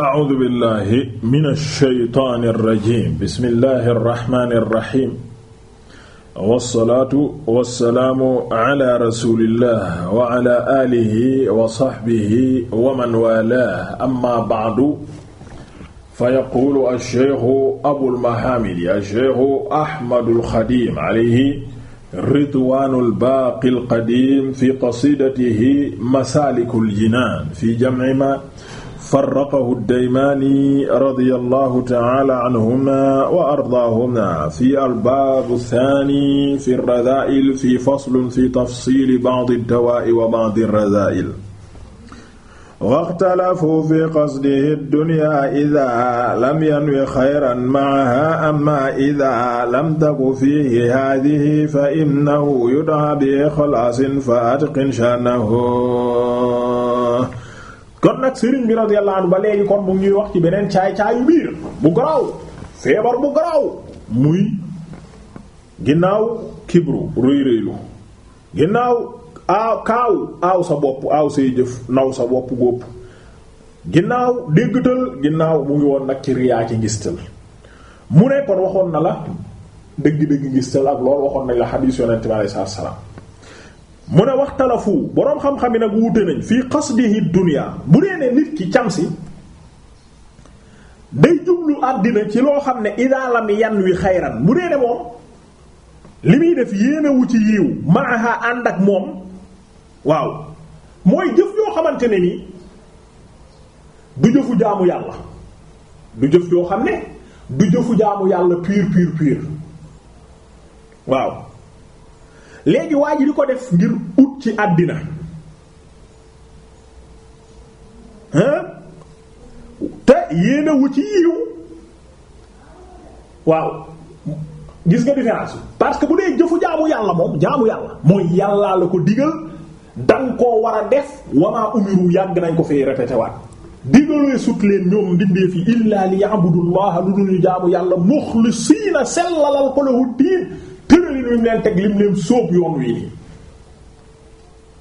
a'uudu billahi mina shaytaani rajiim bismillahi rahmaani rahiim. wasalaatu wasalaamu ala rasulillah wa ala aalihi wa saxbihi wa man waalaahu amma ba'du. fayaquulu asheeku abul mahamidi asheeku ahmadul xadiim alayhi ridwaanul baaqil qadiim fi qasiidatihi masaalikul jinaan fi jam'i maa. farraqahu daymaani radiyallahu ta'ala anhuma wa ardaahuma fi albaabu saani fi radaa'il fi faslun fi tafsiili ba'di dawaa'i wa ba'di radaa'il. waxtalafu fi qasdihi dunya idaa lam yanwi xayran ma'ahaa amma idaa lam taku fiihi haadihi fa innahu yud'aa bi ikhlaasin fa atqin sha'nahu kon nag sëriñ bi radiyallahu anhu ba léegi kon mu ngi wax ci beneen caay-caayu biir bu garaaw feebar bu garaaw muy ginnaaw kibru rëy rëylu ginnaaw aaw kaaw aaw sa bopp aaw say jëf naw sa bopp góob ginnaaw déggtal ginnaaw mu ngi woon nag ci riyaa ci ngistal mu ne kon waxoon na la dëgg-dëgg ngistal ak loolu waxoon nañ la xadiis yonent bi alayhi salaam a wax waxtalafu boroom xam-xam yi nag wuute nañ fii qasdihi dunya bu dee ne nit ki cam si day jublu àddina ci loo xam ne idaa lam yan wi xayran bu dee ne moom li muy def yéenewu ci yiw maaha ànd ak moom waaw mooy jëf yoo xamante ne ni du jëfu jaamu yàlla du jëf yoo xam ne du jëfu jaamu yàlla pur pur waaw léegi waa ji di ko def ngir ut ci àddina hein te yéene ci yiw waaw gis nga différence parce que bu dee jëfu jaamu yàlla moom jaamu yàlla mooy yàllaa la ko digal danga koo war a def wamaa umiru yàgg nañ ko fee répété waat sut leen ñoom mbindeef yi illaa li ya'budu llaha lu dul ñu jaamu yàlla muxlisiina sellalal ko lahu diin tëriin wi mu leen teg lim leen sóob yoon wi nii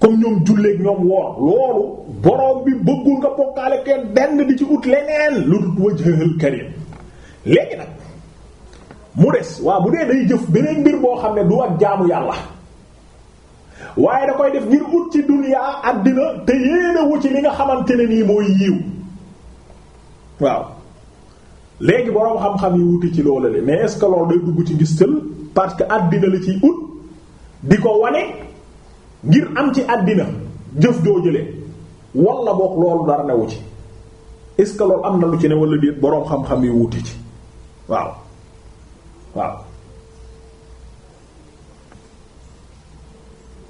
comme ñoom julleek ñoom woor loolu borom bi bëggul nga bokkaale kenn benn di ci ut leneen lu dut wajhal karim léegi nag mu des waa bu dee day jëf beneen mbir boo xam ne du ak jaamu yàlla waaye da koy def ngir ut ci duniyaa àddina te yéene wu ci li nga xamante ne nii mooy yiw waaw léegi boroom xam-xam yi wuti ci loolu la mais est day dugg ci gis tël parce que àddina la ciy ut di ko wane ngir am ci àddina jëf joo jële wala boog loolu dara newu ci est ce que am na lu ci ne wala déet boroom xam-xam yi wuti ci waaw waaw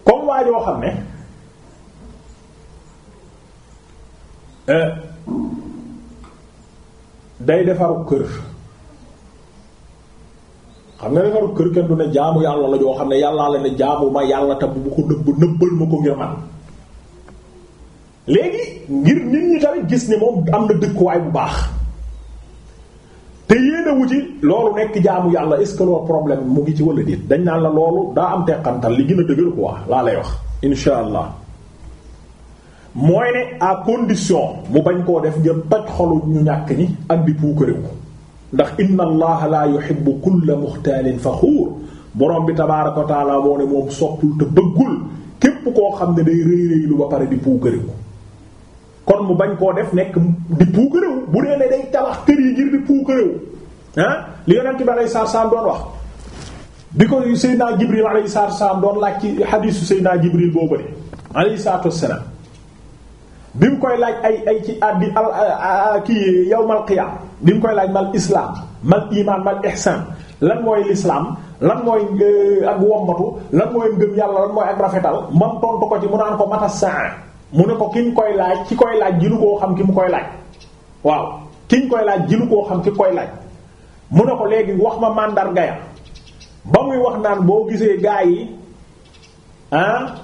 comme waa joo xam ne euh, day defaru kër xam nga defaru kër kenn du ne jaamu yàlla la joo xam ne yàllaa la ne jaamu ma yàlla te bu ko nëbb nëbbal ma ko ngir man léegi ngir nit ñi tamit gis ne moom am na dëkkuwaay bu baax te yéen a wuti loolu nekk jaamu yàlla est-ce problème mu ngi ci walla déet dañ naan la loolu daa am teqantal li gën a dëgër quoi laa lay wax insha allah mooy ne à condition mu bañ koo def ngir toj xolu ñu ñàkk ñi ak di puukarewu ndax inna allaha la yuhibbu kulla muxtaalin faxuur borom bi tabaaraka wa taala moo ne moom soppul te bëggul képp koo xam ne day rëy rëylu ba pare di puukarewu kon mu bañ koo def nekk di puukarewu bu dee ne day tabax kër yi ngir di puukarewu ah li yonent bi alayhi salaatu salaam doon wax bi ko Seydina Jibril alayhi salaatu salaam doon laaj ci xadiisu Seydina Jibril boobu de alayhi salaatu salaam bi mu koy laaj ay ay ci àddi al kii yawmal qiyaama bi koy laaj mal islam mal iman man ihsan lan mooy l'islam lan mooy euh, ak wombatu lan mooy ngëm yàlla lan mooy ak rafetal man tontu ko ci mu naan ko mata saa mu ne ko ki ñu koy laaj ki koy laaj jilu koo xam ki mu koy laaj waaw ki ñu koy laaj jilu koo xam ki koy laaj mu ne ko léegi wax ma màndarga ya ba muy wax naan boo gisee gaa yi ah,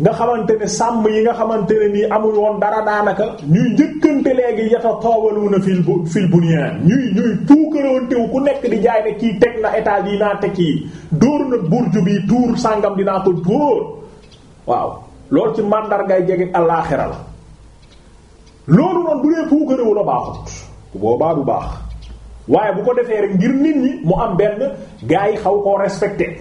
nga xamante ne sàmm yi nga xamante ne nii amul woon dara daanaka ñuy njëkkante léegi yata toobalu na fil bu fil buniyaan ñuy ñuy puukaroontewu ku nekk di jaay ne kii teg na état yi naa teg yi dóor na burju bi tuur sàngam dinaa ko dóor waaw loolu ci màndargaay jege alaaxira la loolu noonu bu dee puukarewu la baaxut boobaa du baax waaye bu ko defee rek ngir nit ñi mu am benn gaa yi xaw koo respecté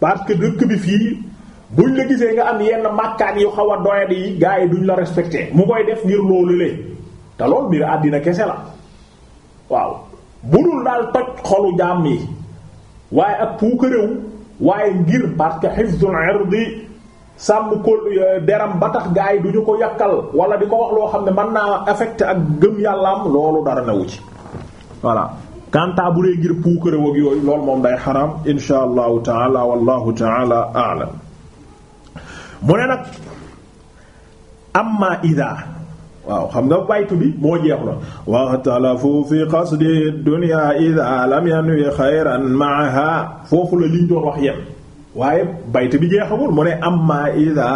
parce dëkk bi fii buñ la gisee nga am yenn màkkaan yu xaw a doyadi yi gaa yi duñu la respecté mu koy def ngir loolu le te lool mbir àddina kese la waaw budul daal toj xolu jaam yi waaye ak puukarewu waaye ngir parce que hifzul irdi sàmm euh, deram ba tax gars yi du ñu ko yàkkal wala di ko wax loo xam ne mën naa affecté ak gëm yàllaam loolu dara newu ci voilà kanta bu dee ngir puukarewu ak yooyu loolu moom day xaraam insha allahu taala wallahu taala a'lam mu ne nag amma ida waaw xam nga baytu bi moo jeexu la waxtalafu fi qasdi dunya ida lam yanwi xayran maaha foofu la liñ doon wax yem waaye baytu bi jeexagul mu ne amma ida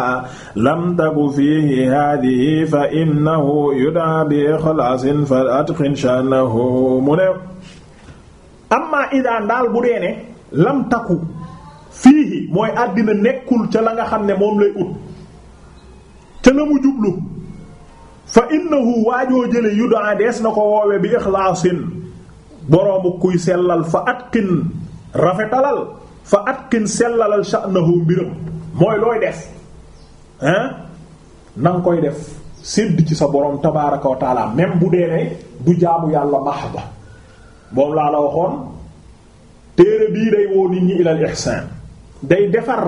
lam taku fihi hadihi fa innahu yudaa bi ixlaasin fa atqin shanahu mu ne amma ida ndaal bu deene lam taku fii mooy àddina nekkul ca la nga xam ne moom lay ut ca la mu jublu fa innahu waajoo jële yudaa dees na ko woowe bi ixlaasin boroomu kuy sellal fa atqin rafetalal fa atqin sellalal sha'nahu mbiram mooy looy def hein na koy def sédd ci sa boroom tabaaraka wa taala bu dee ne du jaamu yàlla mahba moom laa la waxoon téere bii day woo nit ñi ilal ihsaan day defar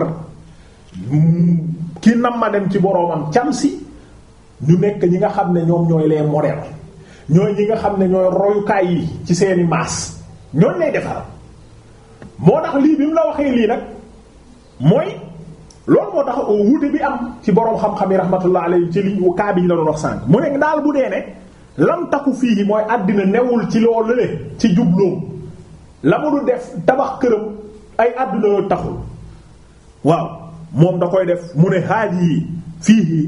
ki nam ma dem ci boroomam cam si ñu nekk ñi nga xam ne ñoom ñooy les modèles ñooy ñi nga xam ne ñooy royukaay yi ci seeni maas ñooñ lay defar moo tax lii bi mu la waxee lii nag mooy loolu moo tax wuute bi am ci boroom xam-xam yi rahmatullah alayhi ci li kaa bi ñu la doon wax sànq mu nekk daal bu dee ne lam taku fii mooy àddina newul ci loolu le ci jubloom la mu du def tabax këram ay àdduna yoo taxul waaw moom da koy def mu ne haadihi fiihi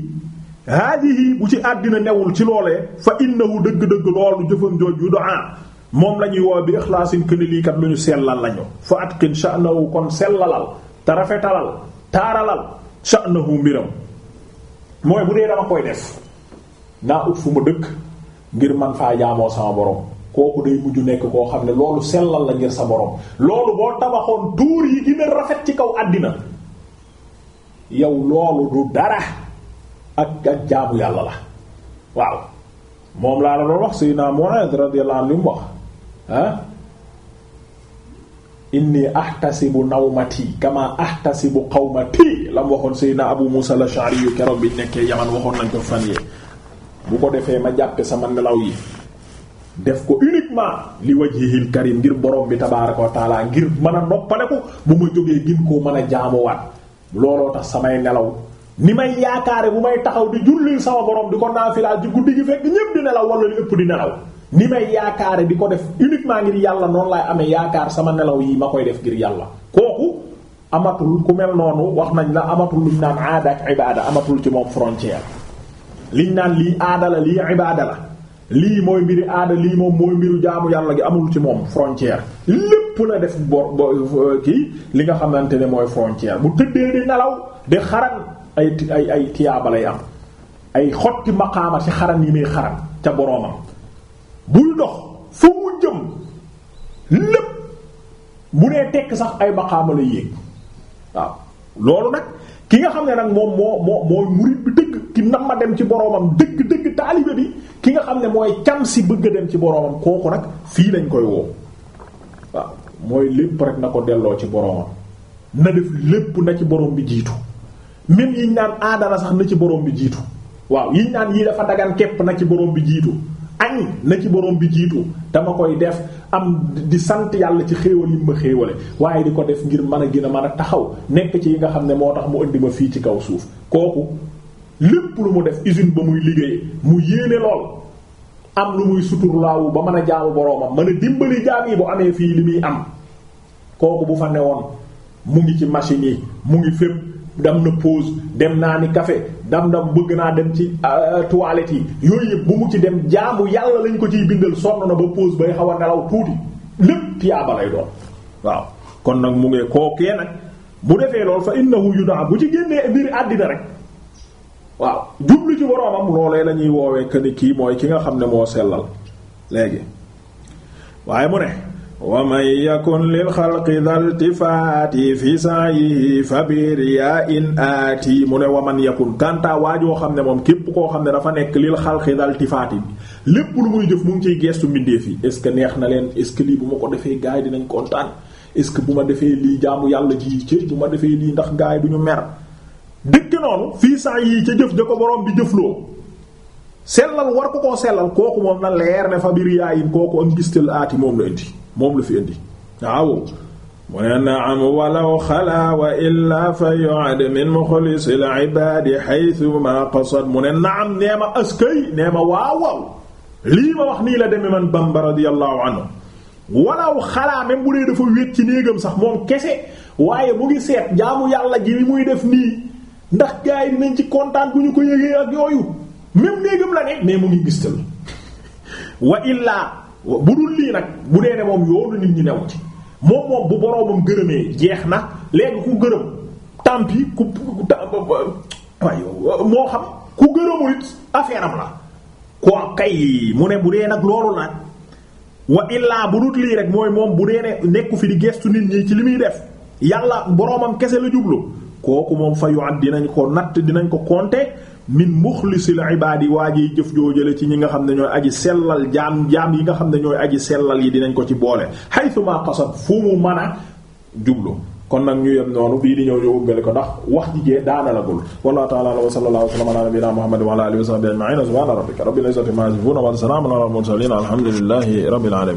haadihi bu ci àddina newul ci loolee fa innahu dëgg-dëgg loolu jëfam jooj yu doa ah, moom la ñuy woo bi ixlaasin këni lii kat lu ñu sellal lañu fa atqin sha'nahu kon sellalal te rafetalal taaralal sha'nahu mbiram mooy bu dee dama koy def naa ut fu ma dëkk ngir man faa jaamoo sama borom kooku day mujj nekk koo xam ne loolu sellal la ngir sa borom loolu boo tabaxoon tuur yi gën rafet ci kaw àddina yow loolu du dara ak ak jaamu yàlla la waaw moom laa la doon wax Seydina Mu'adh radiyallahu anhu li mu wax ah inni ahtasibu nawmati bu ahtasibu qawmati la mu waxoon Seydina Abu Musa al-Ash'ari yu keroog bi nekkee Yaman waxoon nañ ko fan yee bu ko defee ma jàppe sama nelaw yi def ko uniquement li wajhihil karim ngir borom bi tabaaraka wa ngir mën a noppale ko bu ma jógee ngir koo mën a jaamuwaat looloo tax samay nelaw ni may yaakaare bu may taxaw di jullil sama borom di ko naafilaal ci guddi gi fekk ñépp di nelaw wala lu ëpp di nelaw ni may yaakaare di ko def uniquement ngir yàlla noon laay amee yaakaar sama nelaw yi ma koy def ngir yàlla kooku amatul ku mel noonu wax nañ la amatul luñ naan aada ak ibaada amatul ci moom frontière liñ naan lii aada la lii ibaada la lii mooy mbiri aada lii moom mooy mbiru jaamu yàlla gi amul ci moom frontière lépp la def bo kii li nga xamante ne mooy frontière bu tëddee di nelaw di xaran ay ay ay tiyaaba am ay xotti maqaama ci xaran yi muy xaran ca boroomam buy dox fu mu jëm lépp bu nee tekk sax ay maqaama lay yéeg waaw loolu nag ki nga xam ne nag moom moo moo mooy murid bi dëgg ki nam ma dem ci boroomam dëgg dëgg taalibe bi ki nga xam ne mooy cam si bëgg a dem ci boroomam kooku nag fii lañ koy woo waaw mooy lépp rek na ko delloo ci boroomam na def lépp na ci boroom bi jiitu même yiñ naan aadala sax na ci boroom bi jiitu waaw yiñ naan yii dafa dagan képp na ci boroom bi jiitu añ na ci boroom bi jiitu dama koy def am di sant yàlla ci xéewal yi ma xéewale waaye di ko def ngir mën a gën a man a taxaw nekk ci yi nga xam ne moo tax mu indi ma fii ci kaw suuf kooku lépp lu mu def usine ba muy liggéeyee mu yéene lool am lu muy suturlaawu ba mën a jaamu boroomam mën a dimbali jaam yi bu amee fii li muy am kooku bu fa woon mu ngi ci machine yi mu ngi fépp dem na pause dem naa ni kafe dam dam bëgg naa dem ci euh, toilette yi yooyu yëpp bu mu ci dem jaamu yàlla lañ ko ciy bindal sonn na ba pause bay xaw a nelaw tuuti lépp tiyaaba lay doon waaw kon nag mu ngi kookee nag bu defee lool fa innahu yudaa bu ci génnee biir àddina waaw jublu ci boroomam loolee la ñuy woowee que ni kii mooy ki nga xam ne moo sellal léegi waaye mu ne wa man yakun lil xalqi daltifaati fi sa'yihi fa biriyaa in aati mu ne wa man yakun kanta joo xam ne moom képp koo xam ne dafa nekk lil xalqi daltifaati lépp lu muy jëf mu ngi ciy geestu mbindeef yi est ce que neex na leen est ce lii bu ma ko defee gaay dinañ kontaan est ce que bu ma defee lii jaamu yàlla ji ci bu ma defee lii ndax gaay duñu mer dëkk noonu fii saa yii ca jëf ja ko borom bi jëfloo sellal war ko koo sellal kooku moom na leer ne fa biir yaayin kooku am gistal aati moom la indi moom la fi indi waaw mu ne naam walaw wa illaa nee ma askay nee ma waaw waaw lii ma wax nii la demee man Bamba radiyallahu anhu walaw xalaa même bu dee dafa wéet ci néegam sax moom kese waaye mu ngi seet jaamu yàlla ji muy def nii ndax gars yi nañ ci kontaan bu ñu ko yëgee ak yooyu même néegam la ne mais mu ngi gis wa illaa bu dul lii nag bu dee ne moom yoonu nit ñi new ci moom moom bu boroomam gërëmee jeex na léegi ku gërëm tant pis ku waaye moo xam ku gërëmul it affaire la koo kay mu ne bu dee nag loolu nag wa illaa bu dul lii rek mooy moom bu dee ne nekku fi di gestu nit ñi ci li muy def yàlla boroomam kese la jublu kooku moom fayu at dinañ ko natt dinañ ko compter min muxlisil ibaadi waa jiy jëf joojale ci ñi nga xam ne ñooy aji sellal jaam jaam yi nga xam ne ñooy aji sellal yi dinañ ko ci boole haythuma qasad fu mu mën a jublu kon nag ñu yem noonu bii di ñëw ñu uggale ko ndax wax ji jee daana la gul wa sallallahu wa sallama ala nabiyyina muhammadin wa